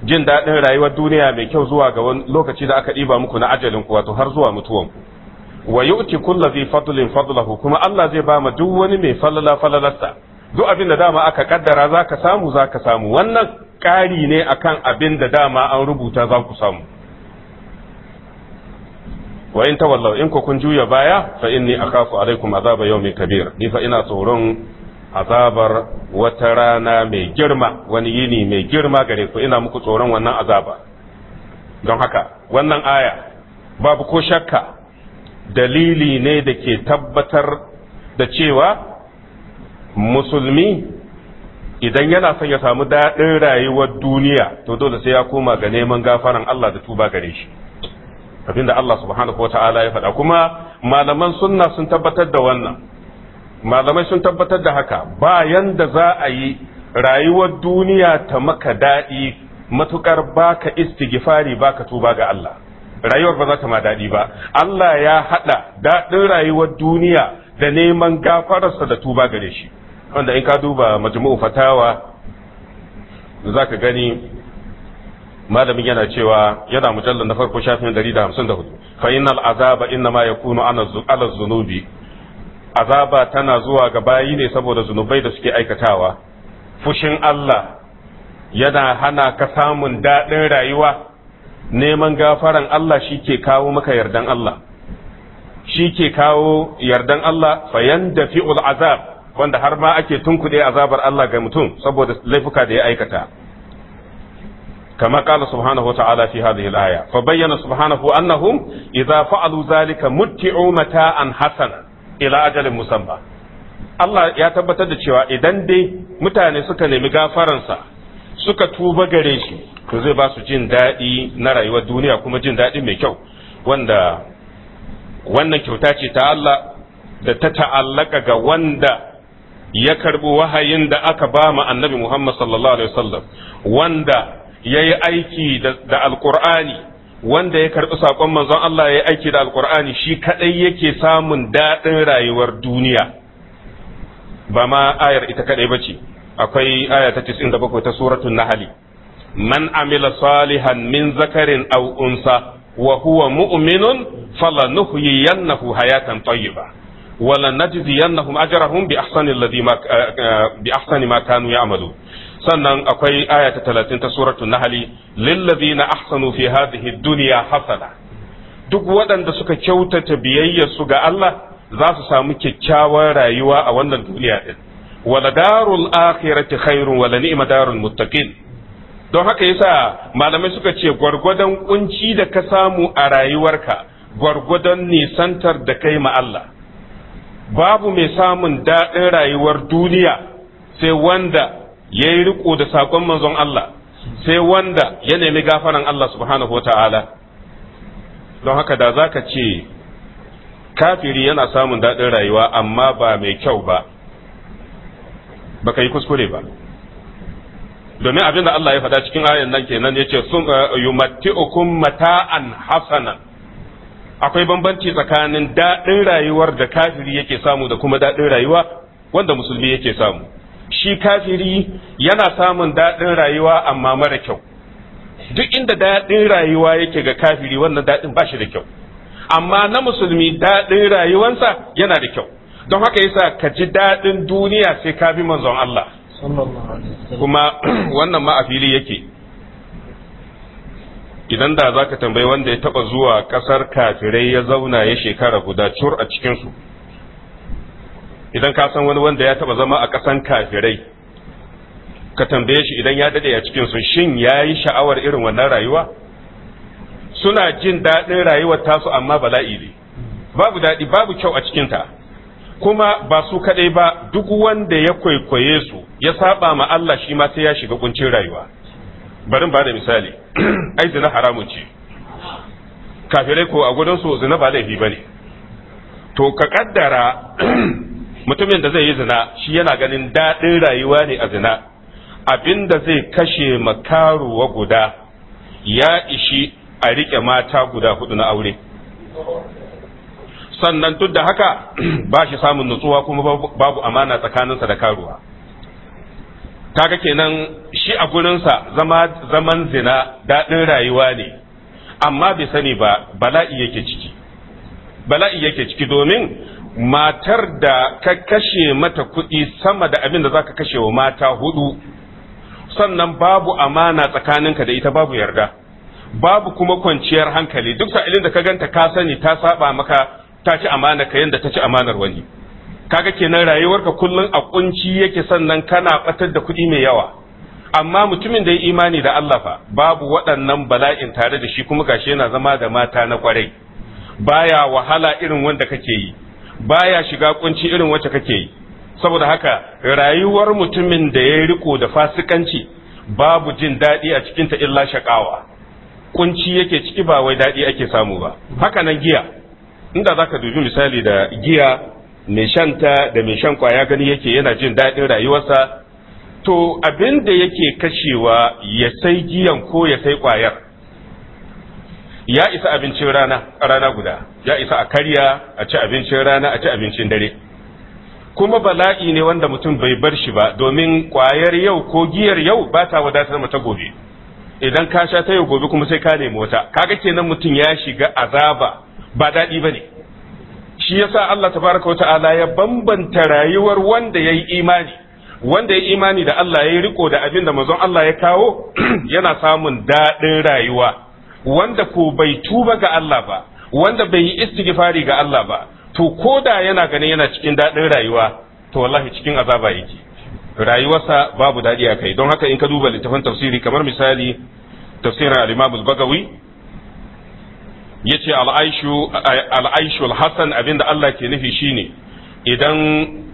jin daɗin rayuwar duniya mai kyau zuwa ga wani lokaci da aka ɗiba muku na ajalin ku wato har zuwa mutuwan ku wa yu'ti kullu dhi fadlin fadlahu kuma Allah zai ba mu duk wani mai falala falalarsa duk abin da dama aka kaddara zaka samu zaka samu wannan ƙari ne akan abin da dama an rubuta za ku samu wa in tawallu in ku kun juya baya fa inni akhafu alaikum azaba yawmin kabir ni fa ina tsoron azabar wata rana mai girma wani yini mai girma gare ku ina muku tsoron wannan azaba don haka wannan aya babu ko shakka dalili ne da ke tabbatar da cewa musulmi idan yana son ya samu daɗin rayuwar duniya to dole sai ya koma ga neman gafaran Allah da tuba gare shi abinda Allah subhanahu wa ta'ala ya faɗa kuma malaman sunna sun tabbatar da wannan malamai sun tabbatar da haka bayan da za a yi rayuwar duniya ta maka daɗi matukar baka istighfari baka tuba ga Allah rayuwar ba za ta ma daɗi ba Allah ya haɗa daɗin rayuwar duniya da neman gafararsa da tuba gare shi wanda in ka duba majmu'u fatawa za ka gani malamin yana cewa yana mujallar na farko shafin 154 fa innal azaba ya yakunu ala zunubi azaba tana zuwa ga bayi ne saboda zunubai da suke aikatawa fushin Allah yana hana ka samun daɗin rayuwa neman gafaran Allah shi ke kawo maka yardan Allah shi ke kawo yardan Allah fayan da fi'ul azab wanda har ma ake tunkuɗe azabar Allah ga mutum saboda laifuka da ya aikata Kama wa ta'ala fi hadhihi al-aya fa bayyana subhanahu annahum idha fa'alu ذلك mutti'u mata'an hasanan ila ajalin musamma Allah ya tabbatar da cewa idan dai mutane suka nemi gafaransa suka tuba gare shi to zai ba su jin daɗi na rayuwar duniya kuma jin daɗi mai kyau wanda wannan kyauta ce ta Allah da ta ta'allaka ga wanda ya karbi wahayin da aka ba mu annabi Muhammad sallallahu alaihi wasallam wanda ya yi aiki da alkur'ani wanda ya karɓi saƙon manzon Allah ya yi aiki da alƙur'ani shi kaɗai yake samun daɗin rayuwar duniya ba ma ayar ita kaɗai ba ce akwai aya ta 97 ta suratul nahli man amila salihan min zakarin aw unsa wa huwa mu'minun falanuhyiyannahu hayatan tayyiba wa lanajziyannahum ajrahum bi ahsani alladhi ma eh, eh, bi ahsani ma kanu ya'malu sannan akwai aya ta suratu ta suratul nahli lillazina ahsanu fi hadhihi dunya hasana duk waɗanda suka kyautata biyayya su ga Allah za su samu kyakkyawar rayuwa a wannan duniya din wala darul akhirati khairun wala ni'ma darul muttaqin don haka yasa malamai suka ce gwargwadon kunci da ka samu a rayuwarka gwargwadon nisantar da kai ma Allah babu mai samun daɗin rayuwar duniya sai wanda ya yi riko da sakon manzon Allah sai wanda ya nemi gafaran Allah subhanahu wa ta'ala don haka da zaka ce kafiri yana samun daɗin rayuwa amma ba mai kyau ba baka yi kuskure ba domin abin da Allah ya faɗa cikin ayan nan kenan ya ce uh, yumatti'ukum mata'an hasanan akwai bambanci tsakanin daɗin rayuwar da kafiri yake samu da kuma daɗin rayuwa wanda musulmi yake samu shi kafiri yana samun daɗin rayuwa amma mara kyau duk inda daɗin rayuwa yake ga kafiri wannan daɗin ba shi da kyau amma na musulmi daɗin rayuwansa yana da kyau don haka yasa ka ji daɗin duniya sai ka bi manzon Allah kuma wannan ma a yake idan da za ka tambayi wanda ya taɓa zuwa ƙasar kafirai ya zauna ya shekara guda cur a cikinsu idan ka san wani wanda ya taba zama a ƙasan kafirai ka tambaye shi idan ya dade a cikin su shin yayi sha'awar irin wannan rayuwa suna jin daɗin rayuwar tasu amma bala'i ne babu daɗi babu kyau a cikin ta kuma ba su kaɗai ba duk wanda ya kwaikwaye su ya saba ma Allah shi ma sai ya shiga kuncin rayuwa bari ba da misali ai zina haramun ce kafirai ko a su zina ba laifi bane to ka kaddara mutumin da zai yi zina shi yana ganin daɗin rayuwa ne a zina abin da zai kashe makaruwa guda ya ishi a riƙe mata guda hudu na aure sannan duk da haka ba shi samun nutsuwa kuma babu amana tsakaninsa da karuwa kaga kenan shi a gurinsa zaman zina daɗin rayuwa ne amma bai sani ba bala'i yake ciki bala'i yake ciki domin matar da ka kashe mata kuɗi sama da abin da za ka kashe wa mata hudu sannan babu amana tsakaninka da ita babu yarda babu kuma kwanciyar hankali duk sa'ilin da ka ganta ka sani ta saba maka ta ci amana ka yadda ta ci amanar wani kaga kenan rayuwarka kullum a kunci yake sannan kana batar da kuɗi mai yawa amma mutumin da ya imani da Allah fa babu waɗannan bala'in tare da shi kuma gashi yana zama da mata na kwarai baya wahala irin wanda kake yi baya shiga kunci irin wacce kake yi saboda haka rayuwar mutumin da ya riko da fasikanci babu jin daɗi a cikin ta illa shakawa kunci yake ciki ba wai daɗi ake samu ba haka nan giya inda zaka dubi misali da giya mai shanta da mai shan kwaya gani yake yana jin daɗin rayuwarsa to abin da yake kashewa ya sai giyan ko ya sai kwayar ya isa abincin rana rana guda ya isa a karya a ci abincin rana a ci abincin dare kuma bala'i ne wanda mutum bai bar shi ba domin kwayar yau ko giyar yau ba ta wadatar mata gobe idan ka sha ta yau gobe kuma sai ka nemi wata kaga kenan mutum ya shiga azaba ba daɗi bane shi yasa Allah tabaraka wa ta'ala ya bambanta rayuwar wanda yayi imani wanda ya imani da Allah ya riko da abinda da manzon Allah ya kawo yana samun daɗin rayuwa wanda ko bai tuba ga Allah ba wanda bai yi istighfari ga Allah ba to ko da yana ganin yana cikin daɗin rayuwa to wallahi cikin azaba yake rayuwarsa babu daɗi a kai don haka in ka duba littafin tafsiri kamar misali tafsirin al-imam al-bagawi yace al-aishu al-aishu al-hasan abinda Allah ke nufi shine idan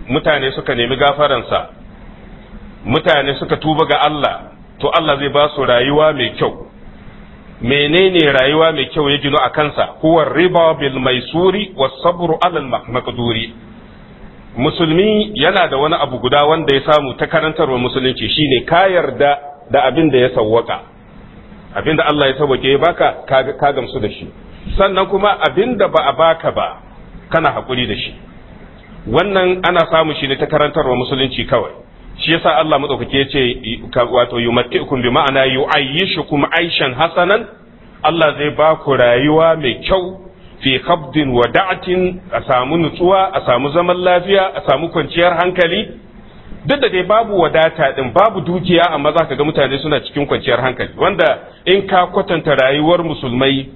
mutane suka nemi gafaransa mutane suka tuba ga Allah to Allah zai ba su rayuwa mai kyau menene rayuwa mai kyau ya gino a kansa huwa riba bil maisuri was sabru alal maqduri musulmi yana da wani abu guda wanda ya samu ta karantarwa musulunci shine ka yarda da abin da ya sawwaka abin da Allah ya sawwake ya baka ka gamsu da shi sannan kuma abin da ba a baka ba kana hakuri da shi wannan ana samu shi ne ta karantarwa musulunci kawai shi yasa Allah madaukake yace wato yumatti'ukum bi ma'ana yu'ayyishukum aishan hasanan Allah zai ba ku rayuwa mai kyau fi kabdin wa da'atin a samu nutsuwa a samu zaman lafiya a samu kwanciyar hankali duk da dai babu wadata din babu dukiya amma za ka ga mutane suna cikin kwanciyar hankali wanda in ka kwatanta rayuwar musulmai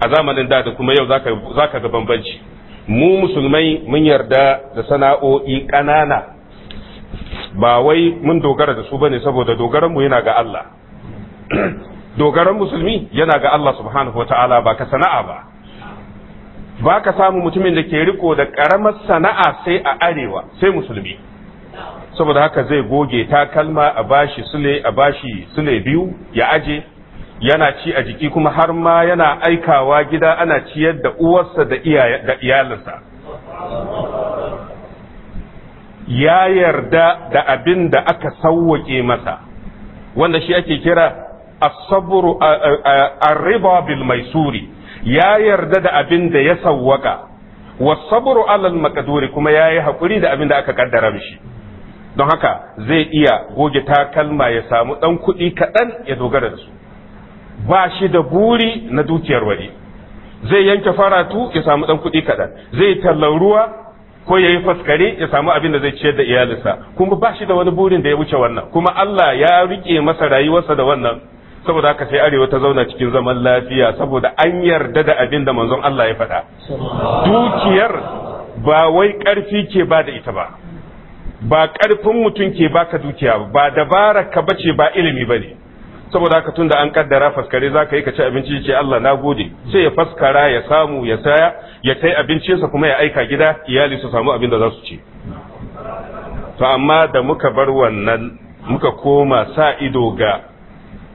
a zamanin da da kuma yau za ka ga bambanci mu musulmai mun yarda da sana'o'i ƙanana ba wai mun dogara da su bane saboda dogaran mu yana ga Allah dogaran musulmi yana ga Allah subhanahu wataala ba ka sana'a ba ba ka samu mutumin da ke riko da karamar sana'a sai a arewa sai musulmi saboda haka zai goge takalma a bashi sule a bashi sule biyu ya aje yana ci a jiki kuma har ma yana aikawa gida ana ciyar da uwarsa da iyalinsa ya yarda da abin da aka sawwake masa wanda shi ake kira as-sabru ar bil maisuri ya yarda da abin da ya sauwaka was-sabru alal maqduri kuma yayi hakuri da abin da aka kaddara mishi don haka zai iya goge takalma ya samu dan kuɗi kaɗan ya dogara da su ba shi da buri na dukiyar wani zai yanke faratu ya samu dan kuɗi kaɗan zai tallan ruwa ko ya yi faskare ya samu abin da zai ciyar da iyalinsa kuma ba shi da wani burin da ya wuce wannan kuma Allah ya rike masa rayuwarsa da wannan saboda haka sai arewa ta zauna cikin zaman lafiya saboda an yarda da abin da manzon Allah ya faɗa dukiyar ba wai ƙarfi ke ba da ita ba ba ƙarfin mutum ke baka dukiya ba dabara ka bace ba ilimi bane saboda haka tunda an kaddara faskare za ka yi ka ci abinci ce Allah na gode sai ya faskara ya samu ya saya ya kai abincinsa kuma ya aika gida iyali su samu abin da za su ci to amma da muka bar wannan muka koma sa ido ga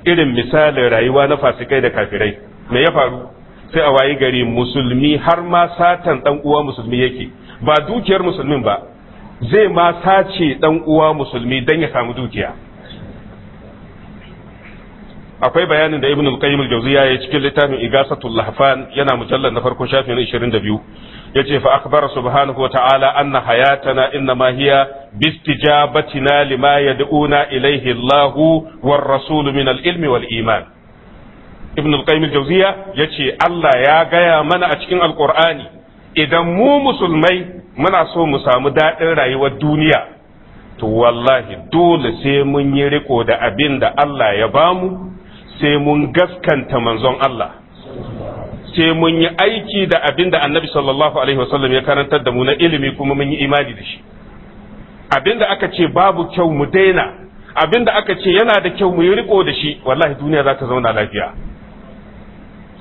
irin misalin rayuwa na fasikai da kafirai me ya faru sai a wayi gari musulmi har ma satan dan uwa musulmi yake ba dukiyar musulmin ba zai ma sace dan uwa musulmi dan ya samu dukiya akwai bayanin da ibn al-qayyim al-jawziya yayi cikin littafin igasatul lahfan yana mujallal na farko shafin 22 yace fa akbara subhanahu wata'ala anna hayatana inna hiya bistijabatina lima yad'una ilayhi Allah war rasul min al-ilmi wal iman ibn al-qayyim al-jawziya yace Allah ya gaya mana a cikin al-qur'ani idan mu musulmai muna so mu samu daɗin rayuwar duniya to wallahi dole sai mun yi riko da abin da Allah ya bamu sai mun gaskanta manzon Allah sai mun yi aiki da abinda annabi sallallahu alaihi wasallam ya karantar da mu na ilimi kuma mun yi imani da shi Abinda aka ce babu kyau mu daina abinda aka ce yana da kyau mu yi riko da shi wallahi duniya za ta zauna lafiya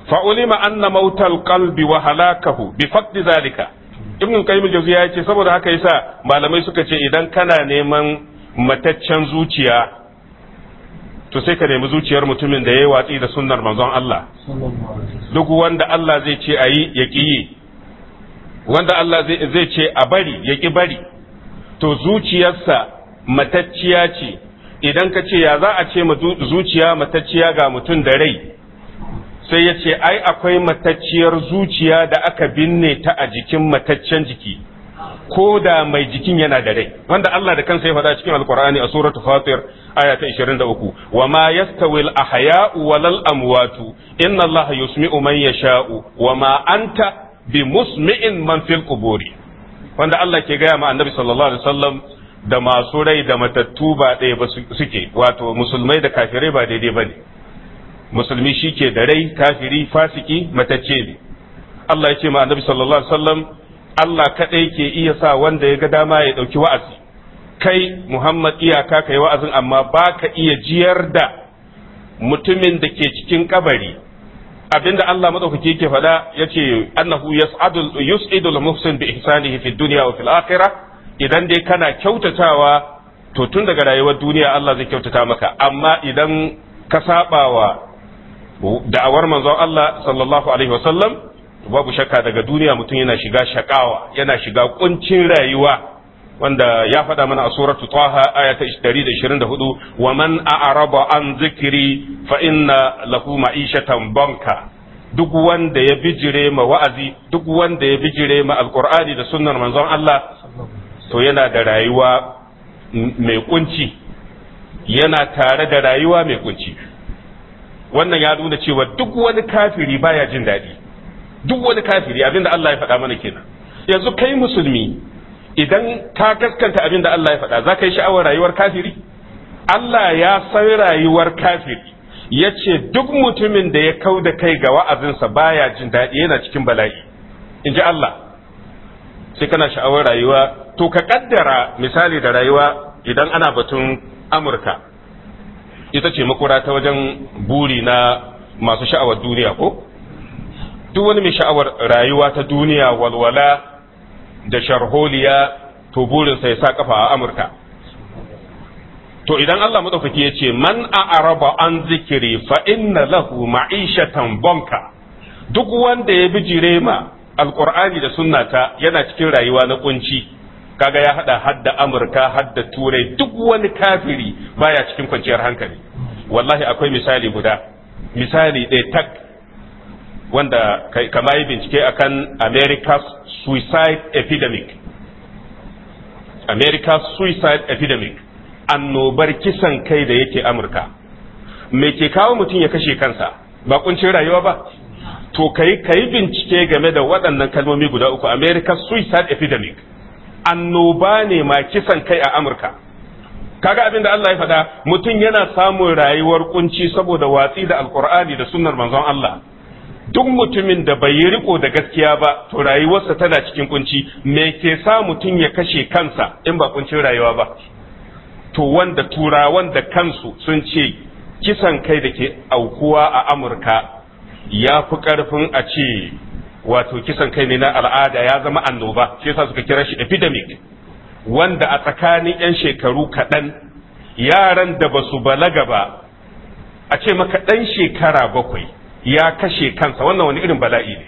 fa'ulima anna mautal qalbi wa halakahu bi faqdi zalika ibn qayyim jawzi ya ce saboda haka yasa malamai suka ce idan kana neman mataccen zuciya to sai ka nemi zuciyar mutumin da ya yi watsi da sunnar manzon Allah duk wanda Allah zai ce a yi ya yi wanda Allah zai ce a bari ya ƙi bari to zuciyarsa matacciya ce idan ka ce ya za a ce zuciya matacciya ga mutum da rai sai ya ce ai akwai matacciyar zuciya da aka binne ta a jikin mataccen jiki ko da mai jikin yana da rai wanda Allah da kansa ya faɗa cikin alkur'ani a suratul fatir aya ta 23 wa ma yastawi ahyau wal amwatu inna Allah yusmi'u man yasha'u wa ma anta bi musmi'in man fil quburi wanda Allah ke gaya ma annabi sallallahu alaihi wasallam da masu rai da matattu ba ɗaya ba suke wato musulmai da kafirai ba daidai bane musulmi shi ke da rai kafiri fasiki matacce ne Allah ya ce ma annabi sallallahu alaihi wasallam Allah kaɗai ke iya sa wanda ya ga dama ya ɗauki wa'azi kai Muhammad iyaka ka yi wa'azin amma ba ka iya jiyar da mutumin da ke cikin kabari abinda Allah madaukake ke faɗa ya ce annahu yas'adul yus'idul muhsin bi ihsanihi fid dunya wa fil akhirah idan dai kana kyautatawa to tun daga rayuwar duniya Allah zai kyautata maka amma idan ka saɓa wa da'awar manzon Allah sallallahu alaihi wasallam babu shakka daga duniya mutum yana shiga shakawa yana shiga kuncin rayuwa wanda ya faɗa mana a suratu taha aya ta 124 wa man a'raba an zikiri fa inna lahu ma'ishatan banka duk wanda ya bijire ma wa'azi duk wanda ya bijire ma alqur'ani da sunnar manzon Allah to yana da rayuwa mai kunci yana tare da rayuwa mai kunci wannan ya nuna cewa duk wani kafiri baya jin daɗi duk wani kafiri abinda Allah ya faɗa mana kenan yanzu kai musulmi idan ka gaskanta abinda Allah ya faɗa za ka yi sha'awar rayuwar kafiri Allah ya san rayuwar kafiri ya ce duk mutumin da ya kau da kai ga wa'azinsa baya jin daɗi yana cikin bala'i in ji Allah sai kana sha'awar rayuwa to ka kaddara misali da rayuwa idan ana batun amurka ita ce makura ta wajen buri na masu sha'awar duniya ko duk wani mai sha'awar rayuwa ta duniya walwala da sharholiya to burinsa ya sa kafa a amurka to idan Allah madaukaki ya ce man a'raba an zikiri fa inna lahu ma'ishatan banka duk wanda ya bi ma alqur'ani da sunnata yana cikin rayuwa na kunci kaga ya hada hadda amurka hadda turai duk wani kafiri baya cikin kwanciyar hankali wallahi akwai misali guda misali ɗaya tak wanda kama yi bincike akan america's suicide epidemic america's suicide epidemic annobar kisan kai da yake amurka me ke kawo mutum ya kashe kansa ba kuncin rayuwa ba to kai kai bincike game da waɗannan kalmomi guda uku america's suicide epidemic annoba ne ma kisan kai a amurka kaga abin da Allah ya faɗa mutum yana samun rayuwar kunci saboda watsi da alkur'ani da sunnar manzon Allah duk mutumin da bai yi riko da gaskiya ba to rayuwarsa tana cikin kunci me ke sa mutum ya kashe kansa in ba kuncin rayuwa ba to wanda turawan da kansu sun ce kisan kai da ke aukuwa a amurka ya fi karfin a ce wato kisan kai ne na al'ada ya zama annoba shi yasa suka kira shi epidemic wanda a tsakanin 'yan shekaru kaɗan yaran da ba su balaga ba a ce maka ɗan shekara bakwai ya kashe kansa wannan wani irin bala'i ne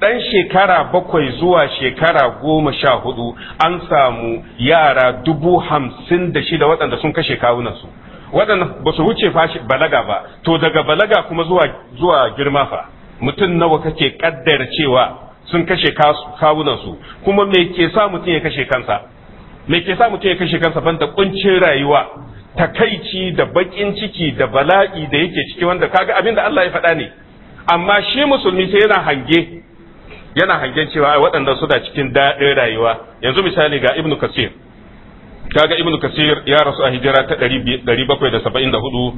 ɗan shekara bakwai zuwa shekara goma sha hudu an samu yara dubu hamsin da shida waɗanda sun kashe kawunansu waɗanda ba su wuce balaga ba to daga balaga kuma zuwa girma fa mutum nawa kake kaddara cewa sun kashe kawunansu kuma me ke sa mutum ya kashe kansa me ke sa mutum ya kashe kansa banda kuncin rayuwa takaici da bakin ciki da bala'i da yake ciki wanda kaga abin da Allah ya faɗa ne amma shi musulmi sai yana hange yana hangen cewa waɗanda suna cikin daɗin rayuwa yanzu misali ga ibnu kasir kaga ibnu kasir ya rasu a hijira ta 774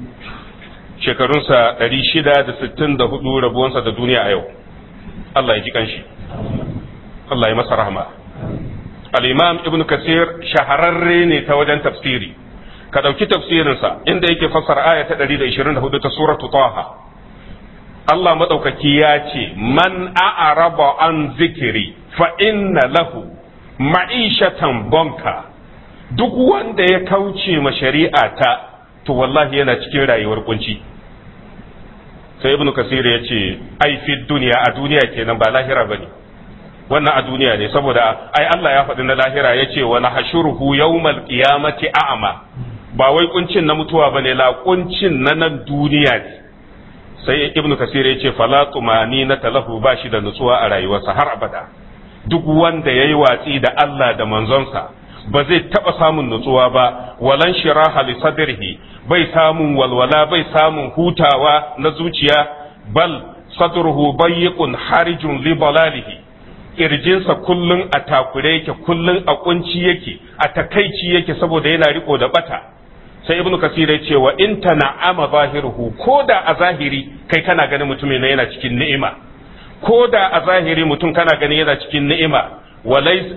shekarunsa 664 rabuwansa da duniya a yau Allah ya ji kanshi Allah ya masa rahma al-imam ibnu kasir shahararre ne ta wajen tafsiri ka ɗauki tafsirinsa inda yake fassara aya ta 124 ta suratu taha Allah maɗaukaki ya ce man a'araba an zikiri fa inna lahu ma'ishatan banka duk wanda ya kauce ma shari'a ta to wallahi yana cikin rayuwar kunci sai ibnu kasir ya ce ai fi duniya a duniya kenan ba lahira bane wannan a duniya ne saboda ai Allah ya faɗi na lahira ya ce wa nahshuruhu yawmal qiyamati a'ma ba wai kuncin na mutuwa bane la kuncin na nan duniya ne sai ibnu kasir ya ce fala tumani na talahu ba shi da nutsuwa a rayuwarsa har abada duk wanda yayi watsi da Allah da manzonsa ba zai taba samun nutsuwa ba walan shiraha li sadrihi bai samun walwala bai samun hutawa na zuciya bal sadruhu bayyiqun harijun li balalihi kirjinsa kullun a takure yake kullun a kunci yake a takaici yake saboda yana riko da bata sai ibnu kasir ce wa in tana'ama zahiruhu ko da a zahiri kai kana ganin mutumin yana cikin ni'ima ko da a zahiri mutum kana ganin yana cikin ni'ima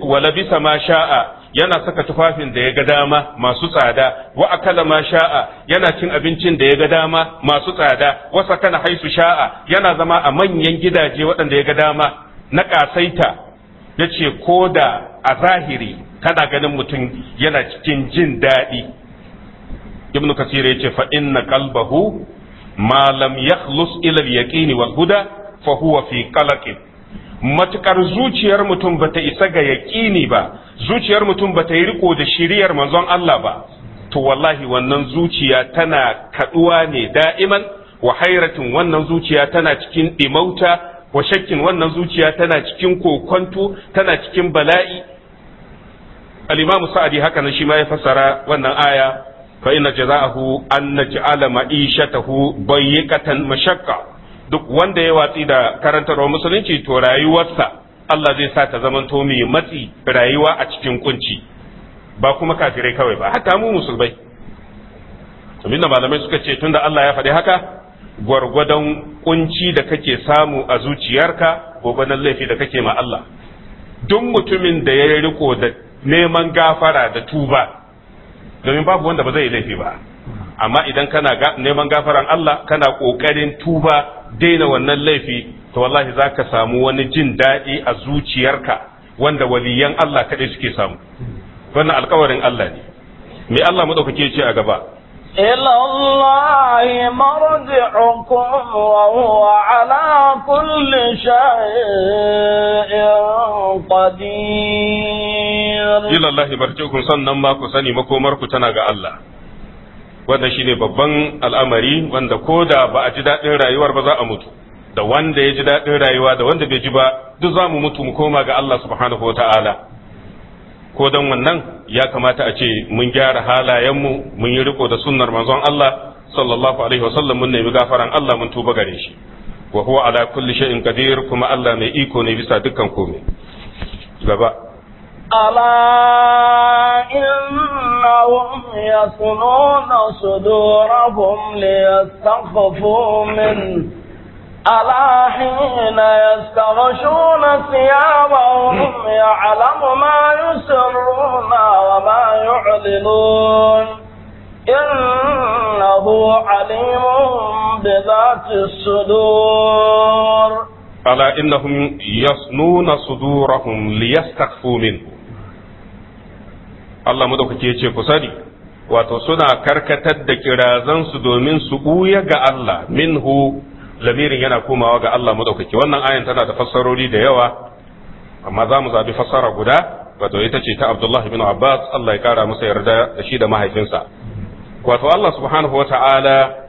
wala bisa ma sha'a yana saka tufafin da ya ga dama masu tsada wa akala ma sha'a yana cin abincin da ya ga dama masu tsada wa sakana haisu sha'a yana zama a manyan gidaje waɗanda ya ga dama na ƙasaita ce ko da a zahiri kana ganin mutum yana cikin jin daɗi ibn kasir yace fa inna qalbahu ma lam yakhlus ila al-yaqin wal huda fa huwa fi qalaqin matukar zuciyar mutum bata isa ga yaƙini ba zuciyar mutum bata yi riko da shiriyar manzon Allah ba to wallahi wannan zuciya tana kaduwa ne da'iman wa wannan zuciya tana cikin dimauta wa shakkin wannan zuciya tana cikin kokonto tana cikin bala'i al sa'adi haka nan shi ma ya fassara wannan aya za a hu an naj'ala ma'ishatahu bayyikatan mashakka duk wanda ya watsi da karantarwa musulunci to rayuwarsa Allah zai sa ta zamanto mai matsi rayuwa a cikin kunci ba kuma kafirai kawai ba hatta mu musulmai abinda malamai suka ce tunda Allah ya faɗi haka gwargwadon kunci da kake samu a zuciyarka gwargwadon laifi da kake ma Allah duk mutumin da ya riko da neman gafara da tuba domin babu wanda ba zai laifi ba amma idan kana neman gafaran Allah kana kokarin tuba daina wannan laifi to wallahi zaka samu wani jin daɗi a zuciyarka wanda waliyan Allah kaɗai suke samu wannan alkawarin Allah ne me Allah madaukake ce a gaba إلى الله مرجعكم وهو على كل شيء قدير إلى الله مرجعكم صنع ما ku makomarku tana ga Allah wannan shine babban al'amari wanda ko da ba a ji daɗin rayuwar ba za a mutu da wanda ya ji daɗin rayuwa da wanda bai ji ba duk za mu mutu mu koma ga Allah subhanahu wa ta'ala ko don wannan ya kamata a ce mun gyara halayenmu mun yi riko da sunnar manzon Allah sallallahu alaihi wasallam mun nemi gafaran Allah mun tuba gare shi wa huwa ala kulli shay'in qadir kuma Allah mai iko ne bisa dukkan komai gaba ألا إنهم يصنون صدورهم ليستخفوا منه ألا حين يستغشون ثيابهم يعلم ما يسرون وما يعلنون إنه عليم بذات الصدور ألا إنهم يصنون صدورهم ليستخفوا منه الله مدوك تيجي كسادي wato suna karkatar da kirazansu domin su ɓuya ga Allah minhu lamirin yana komawa ga Allah madaukaki wannan ayan tana da fassarori da yawa amma za mu zaɓi fassara guda wato ita ce ta Abdullah ibn Abbas Allah ya kara masa yarda da shi da mahaifinsa wato Allah subhanahu wata'ala